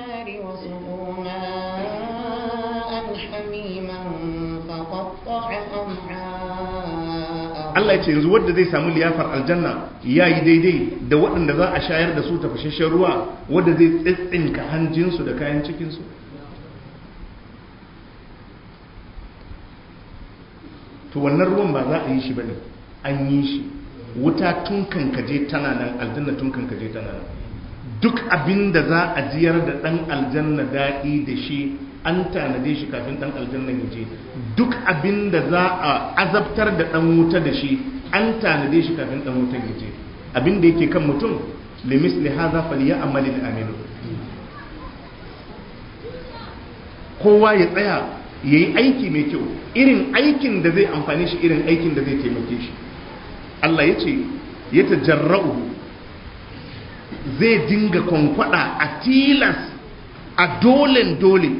Allah ya ce yanzu wadda zai samu liyafar aljanna ya yi daidai da waɗanda za a shayar da su tafashashen ruwa wadda zai tsintsinka hanjinsu da kayan cikinsu to wannan ruwan ba za a yi shi ba ne an yi shi wuta tun kankaje tana nan aljanna tun kankaje tana nan duk abin da za a jiyar da dan aljanna daɗi da shi an tanade shi kafin dan aljanna ya je duk abin da za a azabtar da dan wuta da shi an tanade shi kafin dan wuta ya je abin da yake kan mutum limis li haza faliya al aminu kowa ya tsaya ya yi aiki mai kyau irin aikin da zai amfani shi irin aikin da zai taimake shi Allah ya ce ya jarra'u zai dinga kwankwada a tilas a dolen dole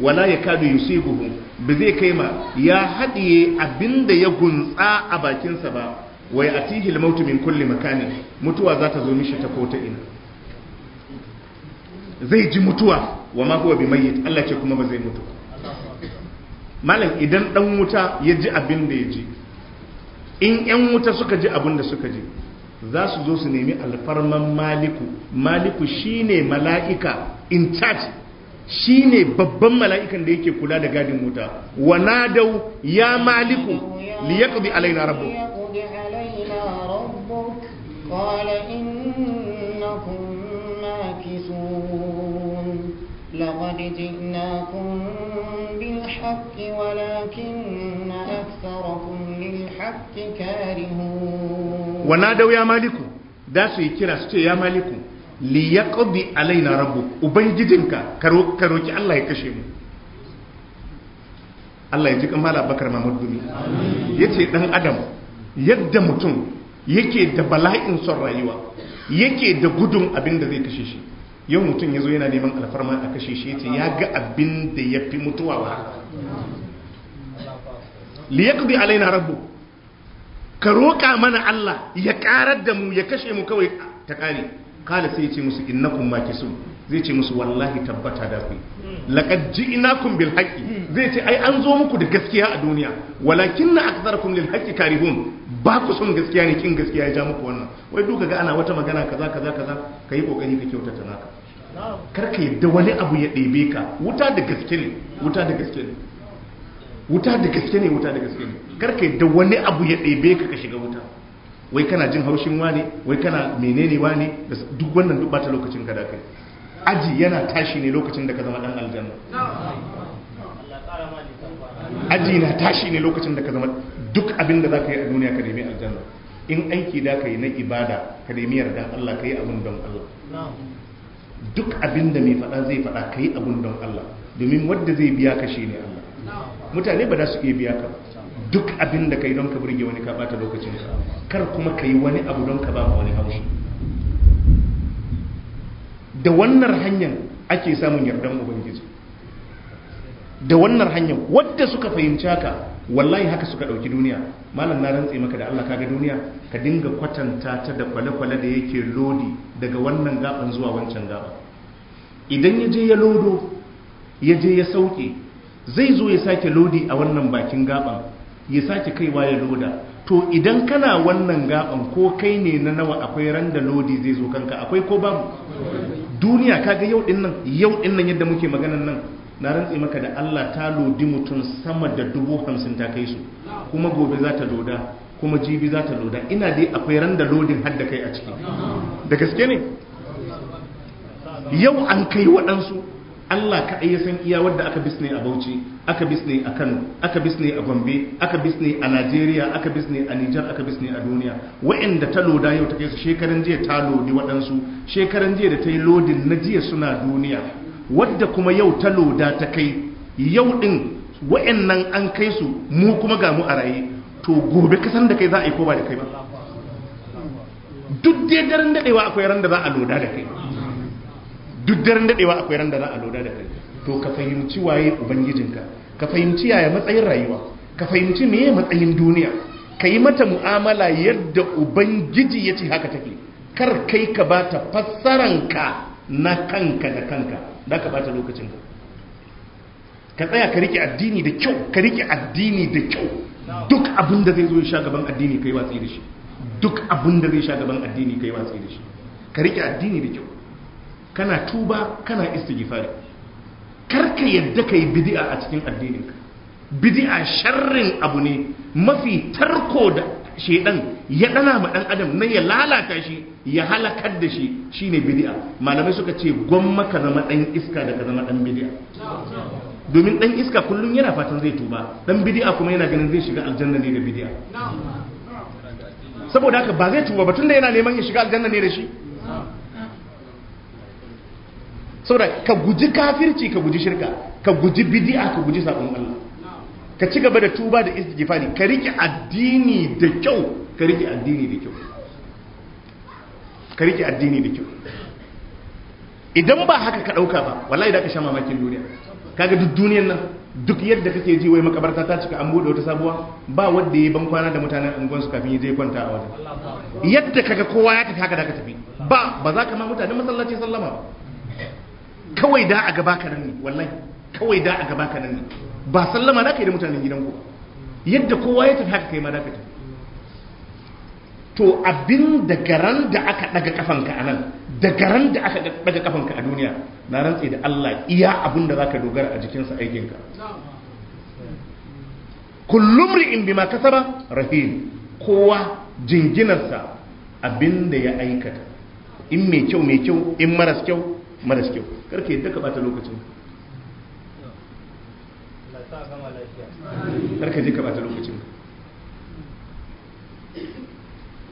wala ya kadu guhu ba zai kai ma ya haɗiye abinda ya gunsa a bakinsa ba wai a tihi mautu min kulli makani mutuwa za ta zo mishi ta kota ina zai ji mutuwa wa ma huwa bimayyit Allah ce kuma ba zai mutu malam idan dan wuta ya ji abin da ya ji in yan wuta suka ji abin da suka ji za su zo su nemi alfarman maliku maliku shine mala'ika in charge shine babban mala'ikan da yake kula da gadin wuta wa nadau ya maliku liyaqdi alaina rabbuk لقد جئناكم الحق ولكن أكثركم للحق كارهون ونادوا يا مالك da su kira su ce ya maliku li ya ƙabi alaina rabu Allah ya kashe mu Allah ji kamala bakar mamad gumi ya ce ɗan adam yadda mutum yake da bala'in son rayuwa yake da gudun abin da zai kashe shi yau mutum ya zo yana neman alfarma a kashe shi ya ce ya ga abin da ya fi mutuwa ba liyakubi alaina rabbu ka roƙa mana Allah ya ƙarar da mu ya kashe mu kawai ta ƙare kala sai ya ce musu maki su zai ce musu wallahi tabbata da ku ina ji'nakum bil haƙi zai ce ai an zo muku da gaskiya a duniya na aktharakum lil haqqi karihun ba ku son gaskiya ne kin gaskiya ya ja muku wannan wai duka ga ana wata magana kaza kaza kaza yi ƙoƙari ka kyautata naka karka yadda wani abu ya ɗebe ka wuta da gaske ne wuta da gaske ne wuta da gaske ne wuta da gaske ne karka yadda wani abu ya ɗebe ka ka shiga wuta wai kana jin haushin wani wai kana menene wani da duk wannan duk bata lokacin ka da kai aji yana tashi ne lokacin da ka zama dan aljanna aji na tashi ne lokacin da ka zama duk abin da za ka yi a duniya ka nemi aljanna in aiki da ka yi na ibada ka nemi yardan Allah ka yi abin don Allah duk abin da mai faɗa zai faɗa ka yi abin don Allah domin wadda zai biya ka shi ne Allah mutane ba za su iya biya ka duk abin da ka yi don ka burge wani ka bata lokacin ka kar kuma ka yi wani abu don ka ba ma wani haushi da wannan hanyar ake samun yardan ubangiji da wannan hanyar wadda suka fahimci haka wallahi haka suka ɗauki duniya malam na rantse maka da Allah kaga duniya ka dinga kwatanta ta da kwale-kwale da yake lodi daga wannan gaban zuwa wancan gaba idan ya je ya lodo ya je ya sauke zai zo ya sake lodi a wannan bakin gaban ya sake kaiwa ya loda to idan kana wannan gaban ko kai ne na nawa akwai ran da lodi zai zo kanka akwai ko babu duniya kaga yau din nan yau din nan yadda muke maganan nan na rantse maka da Allah ta lodi mutum sama da dubu hamsin ta kai su kuma gobe za ta loda kuma jibi za ta loda ina dai akwai ran da lodin har da kai a ciki da gaske ne yau an kai waɗansu Allah ka ya san iya wadda aka bisne a Bauchi, aka bisne a Kano, aka bisne a Gombe, aka bisne a Najeriya, aka bisne a Niger, aka bisne a duniya. Waɗanda ta loda yau ta kai su shekaran jiya ta lodi waɗansu, shekaran jiya da ta yi lodin na jiya suna duniya. wadda kuma yau ta loda ta kai yau din nan an kai su mu kuma ga mu a raye to gobe kasan da kai za a yi ko ba da kai ba duk dai daren dadewa akwai ran da za a loda da kai duk daren dadewa akwai ran da za a loda da kai to ka fahimci waye ubangijinka ka fahimci yaya matsayin rayuwa ka fahimci meye matsayin duniya ka yi mata mu'amala yadda ubangiji ya ce haka take kar kai ka ba ta fassaranka na kanka da kanka da ka bata lokacin ka ka tsaya ka rike addini da kyau ka rike addini da kyau duk abin da zai zo ya sha gaban addini kai watsi da shi duk abin da zai sha gaban addini kai watsi da shi ka rike addini da kyau kana tuba kana istighfar kar ka yadda kai bid'a a cikin addinin ka bid'a sharrin abu ne mafi tarko da shedan ya dana ma dan adam nan ya lalata shi ya halakar da shi shine bid'a malamai suka ce gwamma ka zama dan iska da ka zama dan bid'a domin dan iska kullum yana fatan zai tuba dan bid'a kuma yana ganin zai shiga aljanna ne da bid'a saboda haka ba zai tuba ba tunda yana neman ya shiga aljanna ne da shi saboda ka guji kafirci ka guji shirka ka guji bid'a ka guji sabon Allah ka ci gaba da tuba da istighfari ka rike addini da kyau ka rike addini da kyau ka rike addini da kyau idan ba haka ka ɗauka ba wallahi da ka sha mamakin duniya kaga duk duniyar nan duk yadda kake ji wai makabarta ta cika an bude wata sabuwa ba wanda yayi ban kwana da mutanen an su kafin je kwanta a wajen yadda kaga kowa ya tafi haka da ka tafi ba ba za ka ma mutanen masallaci sallama ba kawai da a gaba ka nan ne wallahi kawai da a gaba ka nan ne ba sallama da kai da mutanen gidan ku yadda kowa ya tafi haka kai ma da ka tafi to abin da garan da aka daga kafanka a nan da garan da aka daga kafanka a duniya na rantse da Allah iya abin da zaka dogara a jikinsa aikinka kullum ri'in ma kasaba rahim kowa jinginarsa abin da ya aikata in mai kyau mai kyau in maras kyau maras kyau karka yadda ka bata lokacin karka je ka bata lokacin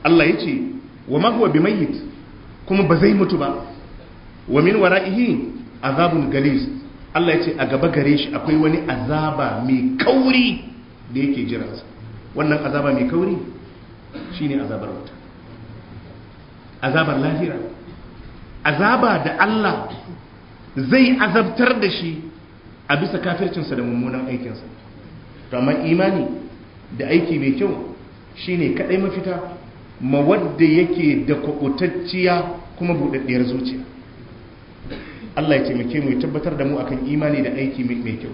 Allah ya ce wa ma huwa bimayyit kuma ba zai mutu ba wa min wara'ihi azabun galis Allah ya ce a gaba gare shi akwai wani azaba mai kauri da yake jiransa wannan azaba mai kauri shine azabar wuta azabar lahira azaba da Allah zai azabtar da shi a bisa kafircinsa da mummunan aikinsa to amma imani da aiki mai kyau shine kadai mafita ma wadda yake da kwakwatacciya kuma buɗaɗɗiyar zuciya Allah ya taimake mu ya tabbatar da mu akan imani da aiki mai kyau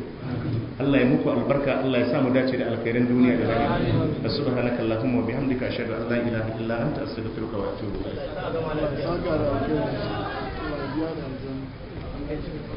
Allah ya muku albarka Allah ya mu dace da alkhairan duniya da lahira subhanaka allahumma wa bihamdika ashhadu an la ilaha illa anta astaghfiruka wa atubu ilaik